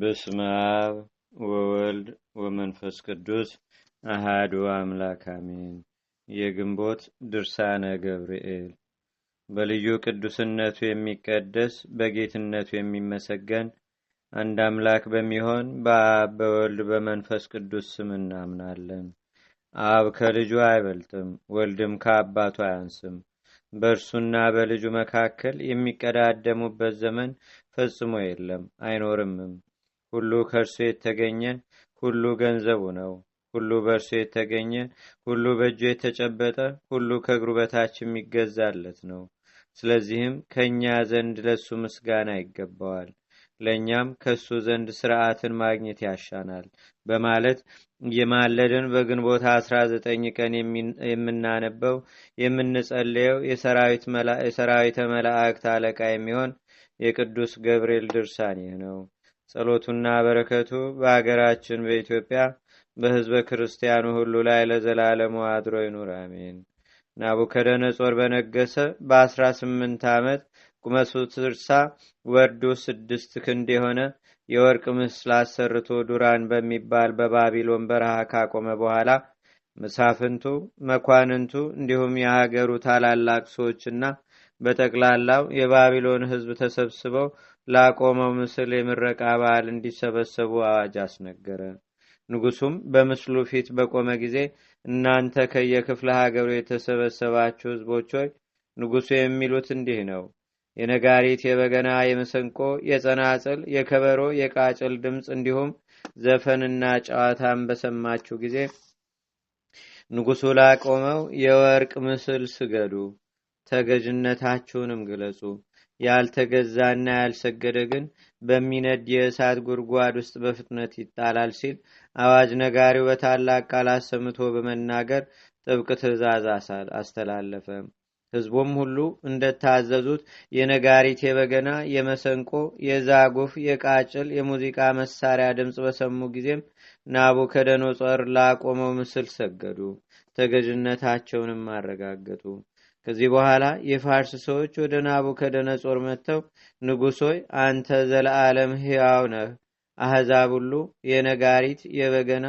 በስመ አብ ወወልድ ወመንፈስ ቅዱስ አሃዱ አምላክ አሜን። የግንቦት ድርሳነ ገብርኤል በልዩ ቅዱስነቱ የሚቀደስ በጌትነቱ የሚመሰገን አንድ አምላክ በሚሆን በአብ በወልድ በመንፈስ ቅዱስ ስም እናምናለን። አብ ከልጁ አይበልጥም፣ ወልድም ከአባቱ አያንስም። በእርሱና በልጁ መካከል የሚቀዳደሙበት ዘመን ፈጽሞ የለም አይኖርምም። ሁሉ ከእርሱ የተገኘ ሁሉ ገንዘቡ ነው። ሁሉ በእርሱ የተገኘ ሁሉ በእጁ የተጨበጠ ሁሉ ከእግሩ በታች የሚገዛለት ነው። ስለዚህም ከእኛ ዘንድ ለሱ ምስጋና ይገባዋል። ለእኛም ከእሱ ዘንድ ስርዓትን ማግኘት ያሻናል በማለት የማለድን በግንቦት 19 ቀን የምናነበው የምንጸልየው የሰራዊተ መላእክት አለቃ የሚሆን የቅዱስ ገብርኤል ድርሳን ይህ ነው። ጸሎቱና በረከቱ በአገራችን በኢትዮጵያ በህዝበ ክርስቲያኑ ሁሉ ላይ ለዘላለሙ አድሮ ይኑር፣ አሜን። ናቡከደነጾር በነገሰ በ18 ዓመት ቁመቱ ስድሳ ወርዱ ስድስት ክንድ የሆነ የወርቅ ምስል አሰርቶ ዱራን በሚባል በባቢሎን በረሃ ካቆመ በኋላ መሳፍንቱ፣ መኳንንቱ እንዲሁም የሀገሩ ታላላቅ ሰዎችና በጠቅላላው የባቢሎን ህዝብ ተሰብስበው ላቆመው ምስል የምረቃ በዓል እንዲሰበሰቡ አዋጅ አስነገረ። ንጉሱም በምስሉ ፊት በቆመ ጊዜ እናንተ ከየክፍለ ሀገሩ የተሰበሰባችሁ ህዝቦች ሆይ ንጉሱ የሚሉት እንዲህ ነው የነጋሪት፣ የበገና፣ የመሰንቆ፣ የጸናጽል፣ የከበሮ፣ የቃጭል ድምፅ እንዲሁም ዘፈንና ጨዋታን በሰማችሁ ጊዜ ንጉሡ ላቆመው የወርቅ ምስል ስገዱ፣ ተገዥነታችሁንም ግለጹ። ያልተገዛና ያልሰገደ ግን በሚነድ የእሳት ጉድጓድ ውስጥ በፍጥነት ይጣላል ሲል አዋጅ ነጋሪው በታላቅ ቃል አሰምቶ በመናገር ጥብቅ ትእዛዝ አስተላለፈ። ህዝቡም ሁሉ እንደታዘዙት የነጋሪት፣ የበገና፣ የመሰንቆ፣ የዛጉፍ፣ የቃጭል፣ የሙዚቃ መሳሪያ ድምፅ በሰሙ ጊዜም ናቡከደነጾር ላቆመው ምስል ሰገዱ፣ ተገዥነታቸውንም አረጋገጡ። ከዚህ በኋላ የፋርስ ሰዎች ወደ ናቡከደነጾር መጥተው ንጉሶይ አንተ ዘለዓለም ሕያው ነህ አሕዛብ ሁሉ የነጋሪት፣ የበገና፣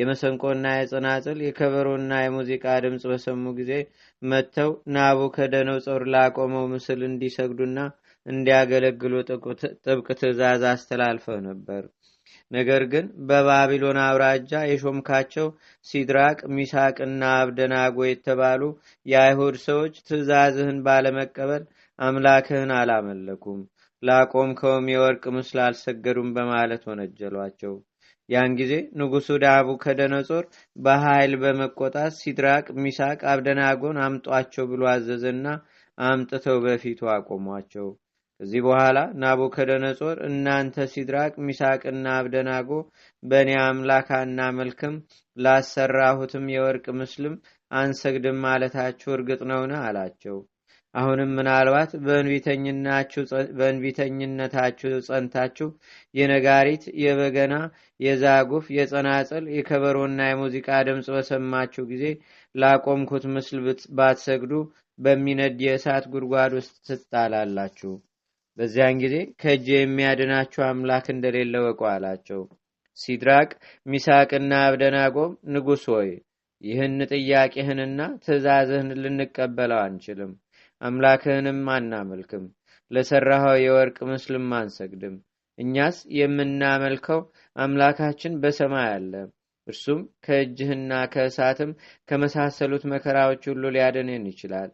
የመሰንቆና የጸናጽል፣ የከበሮና የሙዚቃ ድምፅ በሰሙ ጊዜ መጥተው ናቡከደነጾር ላቆመው ምስል እንዲሰግዱና እንዲያገለግሉ ጥብቅ ትእዛዝ አስተላልፈው ነበር። ነገር ግን በባቢሎን አውራጃ የሾምካቸው ሲድራቅ ሚሳቅና አብደናጎ የተባሉ የአይሁድ ሰዎች ትእዛዝህን ባለመቀበል አምላክህን አላመለኩም ላቆምከውም የወርቅ ምስል አልሰገዱም በማለት ወነጀሏቸው። ያን ጊዜ ንጉሱ ዳቡ ከደነጾር በኃይል በመቆጣት ሲድራቅ፣ ሚሳቅ፣ አብደናጎን አምጧቸው ብሎ አዘዘና አምጥተው በፊቱ አቆሟቸው። ከዚህ በኋላ ናቡከደነጾር እናንተ ሲድራቅ፣ ሚሳቅና አብደናጎ በእኔ አምላካና መልክም ላሰራሁትም የወርቅ ምስልም አንሰግድም ማለታችሁ እርግጥ ነውን? አላቸው። አሁንም ምናልባት በእንቢተኝነታችሁ ጸንታችሁ የነጋሪት፣ የበገና፣ የዛጉፍ፣ የጸናጽል፣ የከበሮና የሙዚቃ ድምፅ በሰማችሁ ጊዜ ላቆምኩት ምስል ባትሰግዱ በሚነድ የእሳት ጉድጓድ ውስጥ ትጣላላችሁ። በዚያን ጊዜ ከእጅ የሚያድናችሁ አምላክ እንደሌለ ወቁ አላቸው። ሲድራቅ ሚሳቅና አብደናጎም ንጉሥ ሆይ ይህን ጥያቄህንና ትእዛዝህን ልንቀበለው አንችልም አምላክህንም አናመልክም፣ ለሠራኸው የወርቅ ምስልም አንሰግድም። እኛስ የምናመልከው አምላካችን በሰማይ አለ፣ እርሱም ከእጅህና ከእሳትም ከመሳሰሉት መከራዎች ሁሉ ሊያድንህን ይችላል።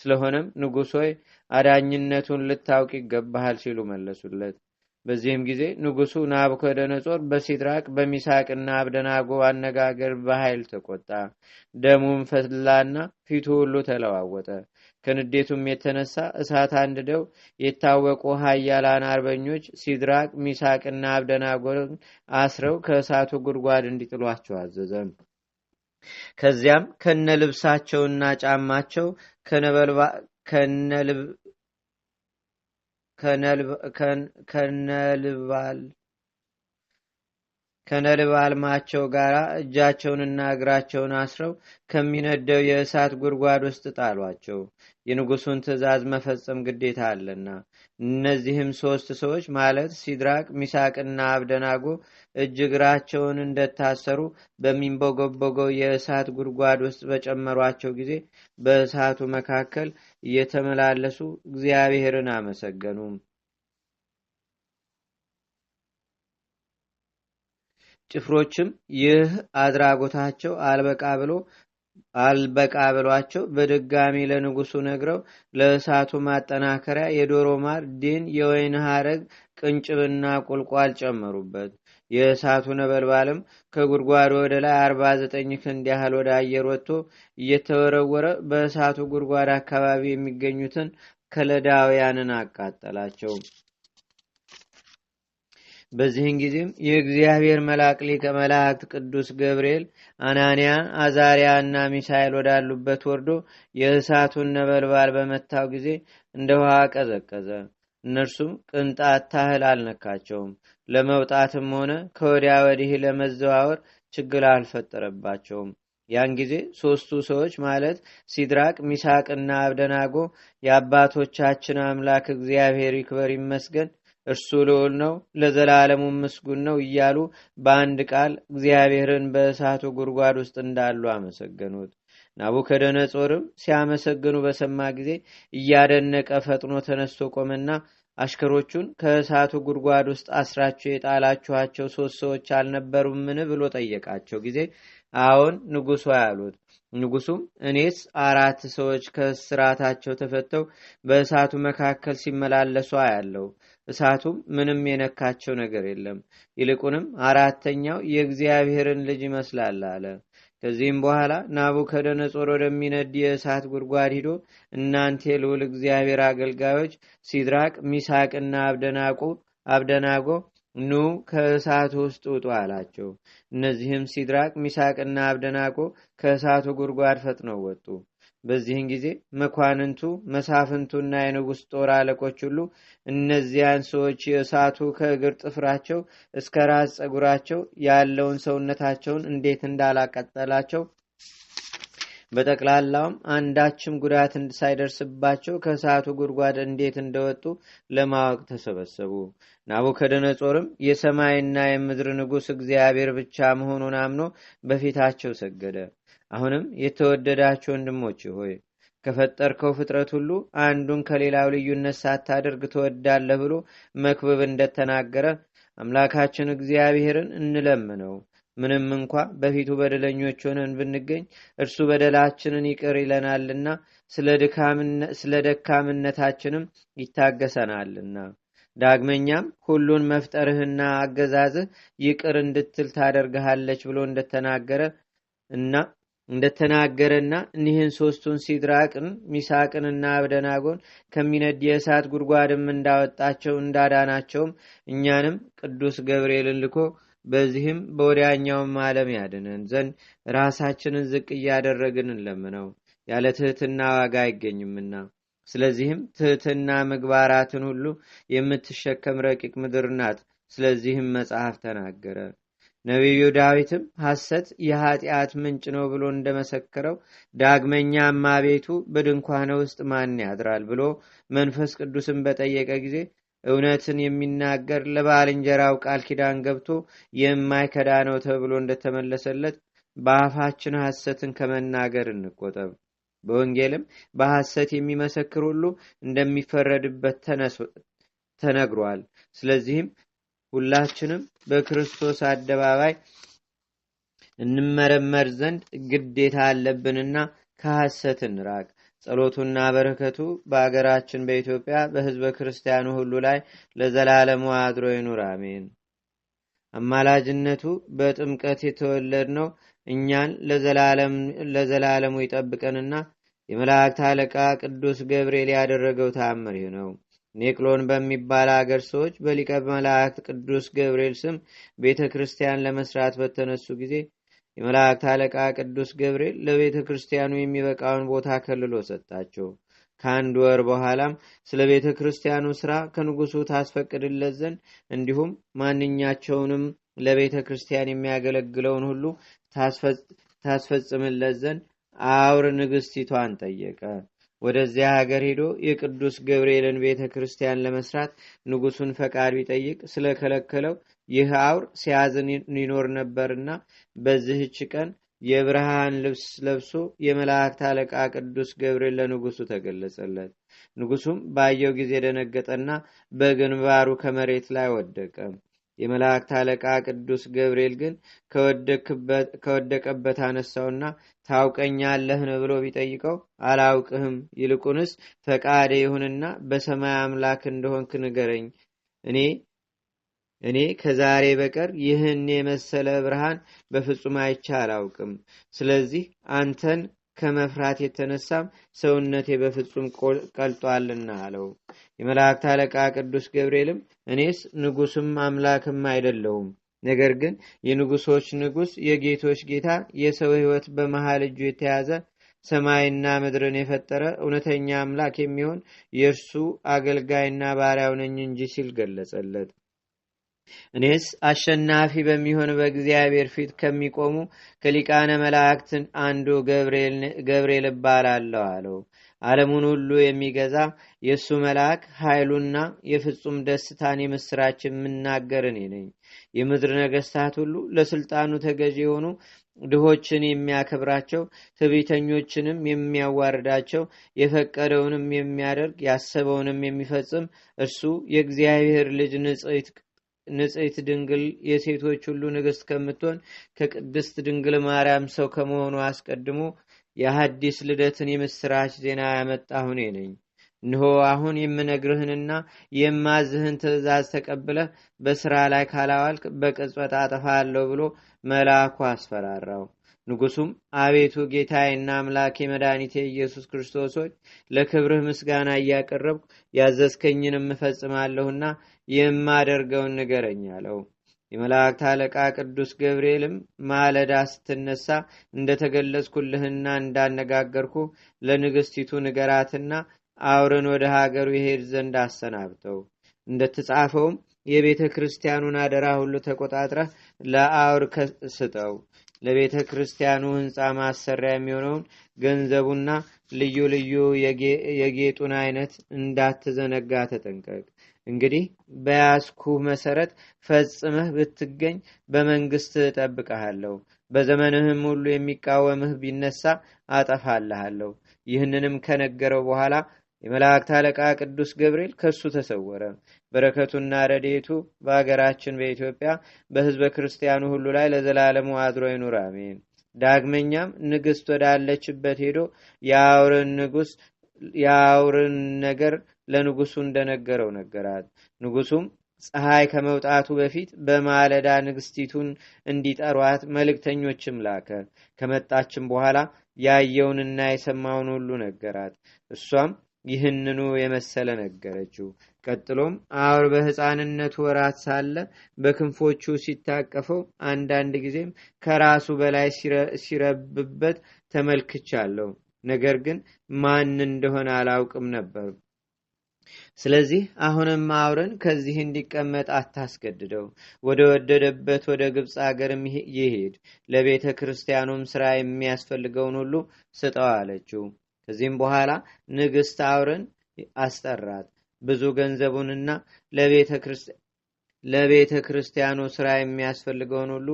ስለሆነም ንጉሥ ሆይ አዳኝነቱን ልታውቅ ይገባሃል ሲሉ መለሱለት። በዚህም ጊዜ ንጉሱ ናቡከደነጾር በሲድራቅ በሚሳቅና አብደናጎ አነጋገር በኃይል ተቆጣ። ደሙም ፈላና ፊቱ ሁሉ ተለዋወጠ። ከንዴቱም የተነሳ እሳት አንድደው የታወቁ ሀያላን አርበኞች ሲድራቅ ሚሳቅና አብደናጎን አስረው ከእሳቱ ጉድጓድ እንዲጥሏቸው አዘዘ። ከዚያም ከነ ልብሳቸውና ጫማቸው ከነልባል ከነልብ አልማቸው ጋር እጃቸውንና እግራቸውን አስረው ከሚነደው የእሳት ጉድጓድ ውስጥ ጣሏቸው። የንጉሱን ትእዛዝ መፈጸም ግዴታ አለና። እነዚህም ሦስት ሰዎች ማለት ሲድራቅ፣ ሚሳቅና አብደናጎ እጅ እግራቸውን እንደታሰሩ በሚንቦገቦገው የእሳት ጉድጓድ ውስጥ በጨመሯቸው ጊዜ በእሳቱ መካከል እየተመላለሱ እግዚአብሔርን አመሰገኑም። ጭፍሮችም ይህ አድራጎታቸው አልበቃ ብሎ አልበቃ ብሏቸው በድጋሚ ለንጉሱ ነግረው ለእሳቱ ማጠናከሪያ የዶሮ ማር፣ ዲን፣ የወይን ሀረግ ቅንጭብና ቁልቋል ጨመሩበት። የእሳቱ ነበልባልም ከጉድጓዱ ወደ ላይ አርባ ዘጠኝ ክንድ ያህል ወደ አየር ወጥቶ እየተወረወረ በእሳቱ ጉድጓድ አካባቢ የሚገኙትን ከለዳውያንን አቃጠላቸው። በዚህን ጊዜም የእግዚአብሔር መልአክ ሊቀ መላእክት ቅዱስ ገብርኤል አናንያ፣ አዛሪያ እና ሚሳኤል ወዳሉበት ወርዶ የእሳቱን ነበልባል በመታው ጊዜ እንደ ውሃ ቀዘቀዘ። እነርሱም ቅንጣት ታህል አልነካቸውም። ለመውጣትም ሆነ ከወዲያ ወዲህ ለመዘዋወር ችግር አልፈጠረባቸውም። ያን ጊዜ ሶስቱ ሰዎች ማለት ሲድራቅ፣ ሚሳቅና አብደናጎ የአባቶቻችን አምላክ እግዚአብሔር ይክበር ይመስገን እርሱ ልዑል ነው ለዘላለሙ ምስጉን ነው እያሉ በአንድ ቃል እግዚአብሔርን በእሳቱ ጉድጓድ ውስጥ እንዳሉ አመሰገኑት። ናቡከደነጾርም ሲያመሰግኑ በሰማ ጊዜ እያደነቀ ፈጥኖ ተነስቶ ቆመና አሽከሮቹን ከእሳቱ ጉድጓድ ውስጥ አስራቸው የጣላችኋቸው ሶስት ሰዎች አልነበሩምን ብሎ ጠየቃቸው ጊዜ አዎን ንጉሶ ያሉት። ንጉሱም እኔስ አራት ሰዎች ከስራታቸው ተፈተው በእሳቱ መካከል ሲመላለሱ አያለው እሳቱም ምንም የነካቸው ነገር የለም። ይልቁንም አራተኛው የእግዚአብሔርን ልጅ ይመስላል አለ። ከዚህም በኋላ ናቡከደነጾር ወደሚነድ የእሳት ጉድጓድ ሂዶ እናንተ የልዑል እግዚአብሔር አገልጋዮች ሲድራቅ፣ ሚሳቅና አብደናቆ አብደናጎ ኑ ከእሳቱ ውስጥ ውጡ አላቸው። እነዚህም ሲድራቅ፣ ሚሳቅና አብደናቆ ከእሳቱ ጉድጓድ ፈጥነው ወጡ። በዚህን ጊዜ መኳንንቱ መሳፍንቱና የንጉሥ ጦር አለቆች ሁሉ እነዚያን ሰዎች የእሳቱ ከእግር ጥፍራቸው እስከ ራስ ፀጉራቸው ያለውን ሰውነታቸውን እንዴት እንዳላቀጠላቸው በጠቅላላውም አንዳችም ጉዳት ሳይደርስባቸው ከእሳቱ ጉድጓድ እንዴት እንደወጡ ለማወቅ ተሰበሰቡ። ናቡከደነጾርም የሰማይና የምድር ንጉሥ እግዚአብሔር ብቻ መሆኑን አምኖ በፊታቸው ሰገደ። አሁንም የተወደዳችሁ ወንድሞች ሆይ ከፈጠርከው ፍጥረት ሁሉ አንዱን ከሌላው ልዩነት ሳታደርግ ትወዳለህ ብሎ መክብብ እንደተናገረ አምላካችን እግዚአብሔርን እንለምነው። ምንም እንኳ በፊቱ በደለኞች ሆነን ብንገኝ እርሱ በደላችንን ይቅር ይለናልና ስለ ደካምነታችንም ይታገሰናልና። ዳግመኛም ሁሉን መፍጠርህና አገዛዝህ ይቅር እንድትል ታደርግሃለች ብሎ እንደተናገረ እና እንደተናገረና እኒህን ሶስቱን ሲድራቅን ሚሳቅንና አብደናጎን ከሚነድ የእሳት ጉድጓድም እንዳወጣቸው እንዳዳናቸውም እኛንም ቅዱስ ገብርኤልን ልኮ በዚህም በወዲያኛውም ዓለም ያድነን ዘንድ ራሳችንን ዝቅ እያደረግን እንለምነው፣ ያለ ትህትና ዋጋ አይገኝምና። ስለዚህም ትህትና ምግባራትን ሁሉ የምትሸከም ረቂቅ ምድር ናት። ስለዚህም መጽሐፍ ተናገረ። ነቢዩ ዳዊትም ሐሰት የኃጢአት ምንጭ ነው ብሎ እንደመሰከረው ዳግመኛማ ቤቱ በድንኳን ውስጥ ማን ያድራል ብሎ መንፈስ ቅዱስን በጠየቀ ጊዜ እውነትን የሚናገር ለባልንጀራው ቃል ኪዳን ገብቶ የማይከዳ ነው ተብሎ እንደተመለሰለት በአፋችን ሐሰትን ከመናገር እንቆጠብ። በወንጌልም በሐሰት የሚመሰክር ሁሉ እንደሚፈረድበት ተነግሯል። ስለዚህም ሁላችንም በክርስቶስ አደባባይ እንመረመር ዘንድ ግዴታ አለብንና ከሐሰት እንራቅ። ጸሎቱና በረከቱ በአገራችን በኢትዮጵያ በህዝበ ክርስቲያኑ ሁሉ ላይ ለዘላለሙ አድሮ ይኑር፣ አሜን። አማላጅነቱ በጥምቀት የተወለድ ነው እኛን ለዘላለሙ ይጠብቀንና የመላእክት አለቃ ቅዱስ ገብርኤል ያደረገው ታምር ነው። ኔቅሎን በሚባል አገር ሰዎች በሊቀ መላእክት ቅዱስ ገብርኤል ስም ቤተ ክርስቲያን ለመስራት በተነሱ ጊዜ የመላእክት አለቃ ቅዱስ ገብርኤል ለቤተ ክርስቲያኑ የሚበቃውን ቦታ ከልሎ ሰጣቸው። ከአንድ ወር በኋላም ስለ ቤተ ክርስቲያኑ ሥራ ከንጉሡ ታስፈቅድለት ዘንድ እንዲሁም ማንኛቸውንም ለቤተ ክርስቲያን የሚያገለግለውን ሁሉ ታስፈጽምለት ዘንድ አውር ንግሥቲቷን ጠየቀ። ወደዚያ ሀገር ሄዶ የቅዱስ ገብርኤልን ቤተ ክርስቲያን ለመስራት ንጉሱን ፈቃድ ቢጠይቅ ስለከለከለው ይህ አውር ሲያዝን ይኖር ነበርና በዚህች ቀን የብርሃን ልብስ ለብሶ የመላእክት አለቃ ቅዱስ ገብርኤል ለንጉሱ ተገለጸለት። ንጉሱም ባየው ጊዜ ደነገጠና በግንባሩ ከመሬት ላይ ወደቀ። የመላእክት አለቃ ቅዱስ ገብርኤል ግን ከወደቀበት አነሳውና ታውቀኛለህን ብሎ ቢጠይቀው አላውቅህም፣ ይልቁንስ ፈቃደ ይሁንና በሰማይ አምላክ እንደሆንክ ንገረኝ፣ እኔ እኔ ከዛሬ በቀር ይህን የመሰለ ብርሃን በፍጹም አይቻ አላውቅም። ስለዚህ አንተን ከመፍራት የተነሳም ሰውነቴ በፍጹም ቀልጧልና አለው። የመላእክት አለቃ ቅዱስ ገብርኤልም እኔስ ንጉስም አምላክም አይደለውም ነገር ግን የንጉሶች ንጉስ የጌቶች ጌታ የሰው ህይወት በመሃል እጁ የተያዘ ሰማይና ምድርን የፈጠረ እውነተኛ አምላክ የሚሆን የእርሱ አገልጋይና ባሪያው ነኝ እንጂ ሲል ገለጸለት። እኔስ አሸናፊ በሚሆን በእግዚአብሔር ፊት ከሚቆሙ ከሊቃነ መላእክትን አንዱ ገብርኤል እባላለሁ አለው። ዓለሙን ሁሉ የሚገዛ የእሱ መልአክ ኃይሉና የፍጹም ደስታን የምስራች የምናገር እኔ ነኝ። የምድር ነገስታት ሁሉ ለስልጣኑ ተገዥ የሆኑ ድሆችን የሚያከብራቸው ትቢተኞችንም የሚያዋርዳቸው የፈቀደውንም የሚያደርግ ያሰበውንም የሚፈጽም እርሱ የእግዚአብሔር ልጅ ንጽሕት ንጽሕት ድንግል የሴቶች ሁሉ ንግሥት ከምትሆን ከቅድስት ድንግል ማርያም ሰው ከመሆኑ አስቀድሞ የሐዲስ ልደትን የምሥራች ዜና ያመጣ ሁኔ ነኝ። እንሆ አሁን የምነግርህንና የማዝህን ትእዛዝ ተቀብለህ በሥራ ላይ ካላዋልክ በቅጽበት አጠፋለሁ ብሎ መልአኩ አስፈራራው። ንጉሡም አቤቱ ጌታዬና አምላኬ መድኃኒቴ ኢየሱስ ክርስቶስ ሆይ ለክብርህ ምስጋና እያቀረብኩ ያዘዝከኝንም እፈጽማለሁና የማደርገውን ንገረኝ አለው። የመላእክት አለቃ ቅዱስ ገብርኤልም ማለዳ ስትነሳ እንደተገለጽኩልህና እንዳነጋገርኩ ለንግሥቲቱ ንገራትና አውርን ወደ ሀገሩ ይሄድ ዘንድ አሰናብተው እንደተጻፈውም የቤተ ክርስቲያኑን አደራ ሁሉ ተቆጣጥረህ ለአውር ስጠው። ለቤተ ክርስቲያኑ ሕንፃ ማሰሪያ የሚሆነውን ገንዘቡና ልዩ ልዩ የጌጡን አይነት እንዳትዘነጋ ተጠንቀቅ። እንግዲህ በያዝኩህ መሰረት ፈጽመህ ብትገኝ በመንግስት እጠብቀሃለሁ፣ በዘመንህም ሁሉ የሚቃወምህ ቢነሳ አጠፋልሃለሁ። ይህንንም ከነገረው በኋላ የመላእክት አለቃ ቅዱስ ገብርኤል ከሱ ተሰወረ። በረከቱና ረዴቱ በአገራችን በኢትዮጵያ በህዝበ ክርስቲያኑ ሁሉ ላይ ለዘላለሙ አድሮ ይኑር፣ አሜን። ዳግመኛም ንግሥት ወዳለችበት ሄዶ የአውርን ንጉሥ የአውርን ነገር ለንጉሱ እንደነገረው ነገራት። ንጉሱም ፀሐይ ከመውጣቱ በፊት በማለዳ ንግስቲቱን እንዲጠሯት መልእክተኞችም ላከ። ከመጣችም በኋላ ያየውንና የሰማውን ሁሉ ነገራት። እሷም ይህንኑ የመሰለ ነገረችው። ቀጥሎም አውር በሕፃንነቱ ወራት ሳለ በክንፎቹ ሲታቀፈው አንዳንድ ጊዜም ከራሱ በላይ ሲረብበት ተመልክቻለሁ። ነገር ግን ማን እንደሆነ አላውቅም ነበር። ስለዚህ አሁንም አውረን ከዚህ እንዲቀመጥ አታስገድደው። ወደ ወደደበት ወደ ግብፅ አገርም ይሄድ፣ ለቤተ ክርስቲያኑም ስራ የሚያስፈልገውን ሁሉ ስጠው አለችው። ከዚህም በኋላ ንግሥት አውረን አስጠራት። ብዙ ገንዘቡንና ለቤተ ክርስቲያኑ ስራ የሚያስፈልገውን ሁሉ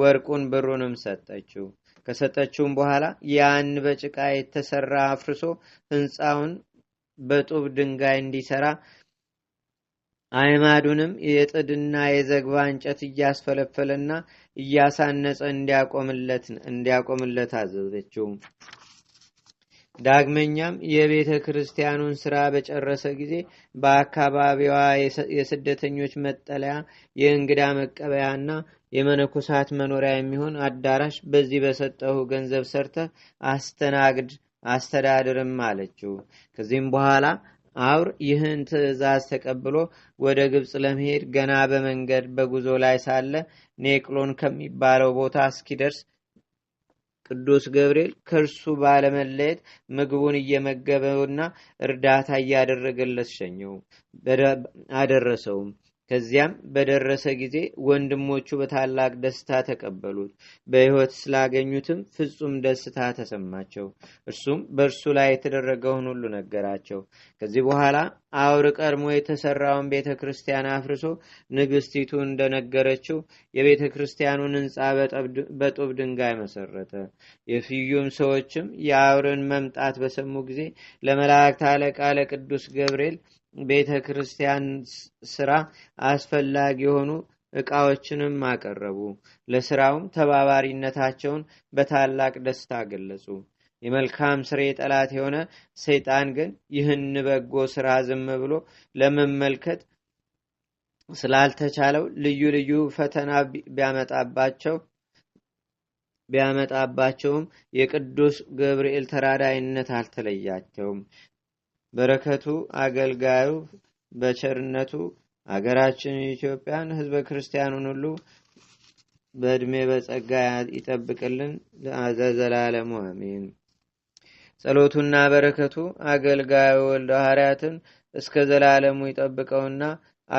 ወርቁን ብሩንም ሰጠችው። ከሰጠችውም በኋላ ያን በጭቃ የተሰራ አፍርሶ ህንፃውን በጡብ ድንጋይ እንዲሰራ አይማዱንም የጥድና የዘግባ እንጨት እያስፈለፈለና እያሳነጸ እንዲያቆምለት አዘዘችው። ዳግመኛም የቤተ ክርስቲያኑን ስራ በጨረሰ ጊዜ በአካባቢዋ የስደተኞች መጠለያ፣ የእንግዳ መቀበያና የመነኮሳት መኖሪያ የሚሆን አዳራሽ በዚህ በሰጠሁ ገንዘብ ሰርተ አስተናግድ አስተዳድርም አለችው። ከዚህም በኋላ አውር ይህን ትእዛዝ ተቀብሎ ወደ ግብፅ ለመሄድ ገና በመንገድ በጉዞ ላይ ሳለ ኔቅሎን ከሚባለው ቦታ እስኪደርስ ቅዱስ ገብርኤል ከእርሱ ባለመለየት ምግቡን እየመገበውና እርዳታ እያደረገለት ሸኘው አደረሰውም። ከዚያም በደረሰ ጊዜ ወንድሞቹ በታላቅ ደስታ ተቀበሉት። በሕይወት ስላገኙትም ፍጹም ደስታ ተሰማቸው። እርሱም በእርሱ ላይ የተደረገውን ሁሉ ነገራቸው። ከዚህ በኋላ አውር ቀድሞ የተሰራውን ቤተ ክርስቲያን አፍርሶ ንግስቲቱ እንደነገረችው የቤተ ክርስቲያኑን ህንፃ በጡብ ድንጋይ መሰረተ። የፍዩም ሰዎችም የአውርን መምጣት በሰሙ ጊዜ ለመላእክት አለቃ ለቅዱስ ገብርኤል ቤተ ክርስቲያን ስራ አስፈላጊ የሆኑ እቃዎችንም አቀረቡ። ለስራውም ተባባሪነታቸውን በታላቅ ደስታ ገለጹ። የመልካም ስሬ ጠላት የሆነ ሰይጣን ግን ይህን በጎ ስራ ዝም ብሎ ለመመልከት ስላልተቻለው ልዩ ልዩ ፈተና ቢያመጣባቸው ቢያመጣባቸውም የቅዱስ ገብርኤል ተራዳይነት አልተለያቸውም። በረከቱ አገልጋዩ በቸርነቱ አገራችን ኢትዮጵያን ህዝበ ክርስቲያኑን ሁሉ በእድሜ በጸጋ ይጠብቅልን ዘላለሙ አሚን። ጸሎቱና በረከቱ አገልጋዩ ወልደ ሐርያትን እስከ ዘላለሙ ይጠብቀውና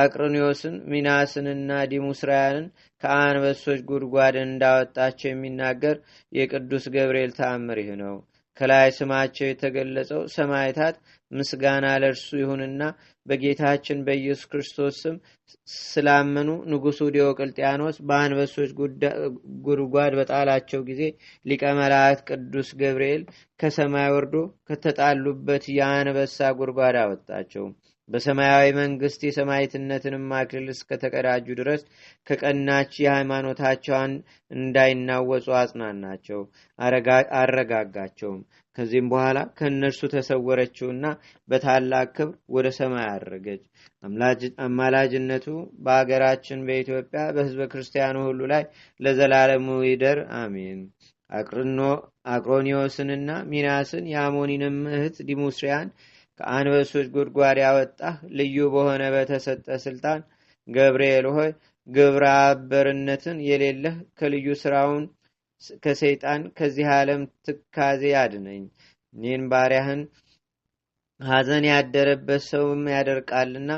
አቅርኒዮስን ሚናስንና ዲሙስራያንን ከአንበሶች ጉድጓድ እንዳወጣቸው የሚናገር የቅዱስ ገብርኤል ተአምር ይህ ነው። ከላይ ስማቸው የተገለጸው ሰማይታት ምስጋና ለእርሱ ይሁንና በጌታችን በኢየሱስ ክርስቶስ ስም ስላመኑ ንጉሱ ዲዮቅልጥያኖስ በአንበሶች ጉድጓድ በጣላቸው ጊዜ ሊቀ መላእክት ቅዱስ ገብርኤል ከሰማይ ወርዶ ከተጣሉበት የአንበሳ ጉድጓድ አወጣቸው። በሰማያዊ መንግስት የሰማይትነትንም አክሊል እስከተቀዳጁ ድረስ ከቀናች የሃይማኖታቸውን እንዳይናወጹ አጽናናቸው፣ አረጋጋቸውም። ከዚህም በኋላ ከእነርሱ ተሰወረችውና በታላቅ ክብር ወደ ሰማይ አደረገች። አማላጅነቱ በአገራችን በኢትዮጵያ በህዝበ ክርስቲያኑ ሁሉ ላይ ለዘላለሙ ይደር፣ አሜን። አቅሮኒዎስንና ሚናስን የአሞኒንም እህት ዲሙስሪያን ከአንበሶች ጉድጓድ ያወጣ ልዩ በሆነ በተሰጠ ስልጣን ገብርኤል ሆይ ግብረ አበርነትን የሌለህ ከልዩ ስራውን ከሰይጣን ከዚህ ዓለም ትካዜ አድነኝ እኔን ባሪያህን ሐዘን ያደረበት ሰውም ያደርቃልና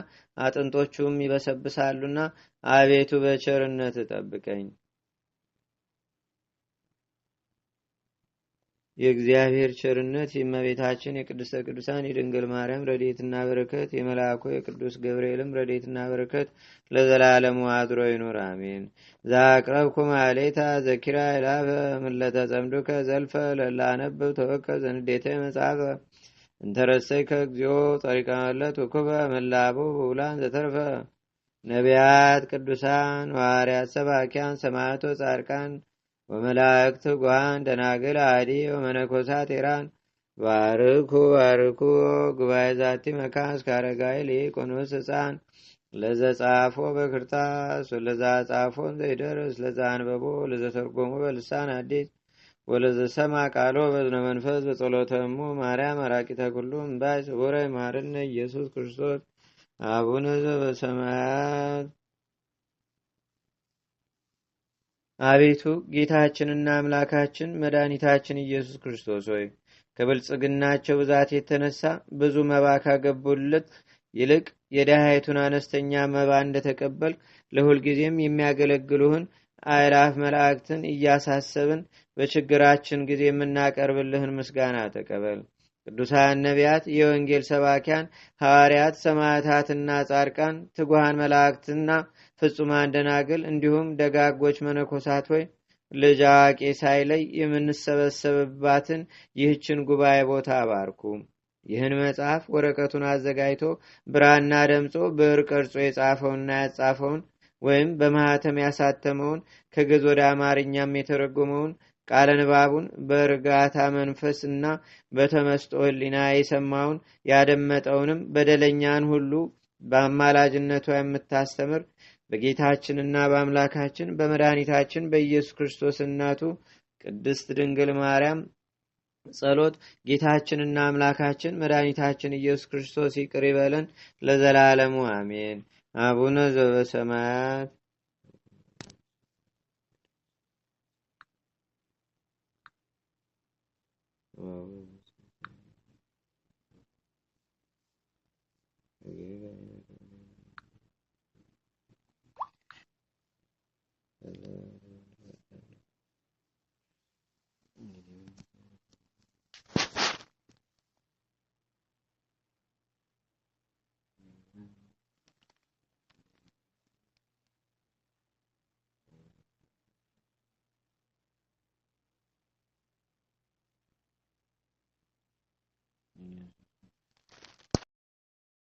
አጥንቶቹም ይበሰብሳሉና አቤቱ በቸርነት ጠብቀኝ የእግዚአብሔር ቸርነት የእመቤታችን የቅድስተ ቅዱሳን የድንግል ማርያም ረዴትና በረከት የመልአኩ የቅዱስ ገብርኤልም ረዴትና በረከት ለዘላለሙ አድሮ ይኑር አሜን። ዛቅረብኩ ማሌታ ዘኪራ ይላፈ ምለተ ጸምዱከ ዘልፈ ለላነብብ ተወከ ዘንዴተ መጽሐፈ እንተረሰይ ከእግዚኦ ጸሪቀ መለት ውኩበ መላቡ ብውላን ዘተርፈ ነቢያት፣ ቅዱሳን፣ ዋርያት ሰባኪያን፣ ሰማዕቶ፣ ጻድቃን ወመላእክት ጓን ደናግል አዲ ወመነኮሳት ቴራን ባርኩ ባርኩ ጉባኤ ዛቲ መካን እስካረጋይ ሊቆኖስ ህፃን ለዘ ጻፎ በክርታስ ወለዛ ጻፎን ዘይደርስ ለዛ አንበቦ ለዘ ተርጎሞ በልሳን አዲስ ወለዘ ሰማ ቃሎ በዝነ መንፈስ በጸሎተሙ ማርያም አራቂተ ኩሉ እምባይ ስቡረ ማርነ ኢየሱስ ክርስቶስ አቡነ ዘበሰማያት አቤቱ ጌታችንና አምላካችን መድኃኒታችን ኢየሱስ ክርስቶስ ሆይ ከብልጽግናቸው ብዛት የተነሳ ብዙ መባ ካገቡለት ይልቅ የድሃይቱን አነስተኛ መባ እንደተቀበል ለሁልጊዜም የሚያገለግሉህን አይላፍ መላእክትን እያሳሰብን በችግራችን ጊዜ የምናቀርብልህን ምስጋና ተቀበል። ቅዱሳን ነቢያት፣ የወንጌል ሰባኪያን ሐዋርያት፣ ሰማዕታትና ጻድቃን፣ ትጉሃን መላእክትና ፍጹማን ደናግል እንዲሁም ደጋጎች መነኮሳት ሆይ ልጅ አዋቂ ሳይለይ የምንሰበሰብባትን ይህችን ጉባኤ ቦታ አባርኩ። ይህን መጽሐፍ ወረቀቱን አዘጋጅቶ ብራና ደምጾ ብዕር ቀርጾ የጻፈውንና ያጻፈውን ወይም በማህተም ያሳተመውን ከግዕዝ ወደ አማርኛም የተረጎመውን ቃለ ንባቡን በእርጋታ እና በተመስጦ ሕሊና የሰማውን ያደመጠውንም በደለኛን ሁሉ በአማላጅነቷ የምታስተምር በጌታችንና በአምላካችን በመድኃኒታችን በኢየሱስ ክርስቶስ እናቱ ቅድስት ድንግል ማርያም ጸሎት ጌታችንና አምላካችን መድኃኒታችን ኢየሱስ ክርስቶስ ይቅር ይበለን ለዘላለሙ አሜን። አቡነ ዘበሰማያት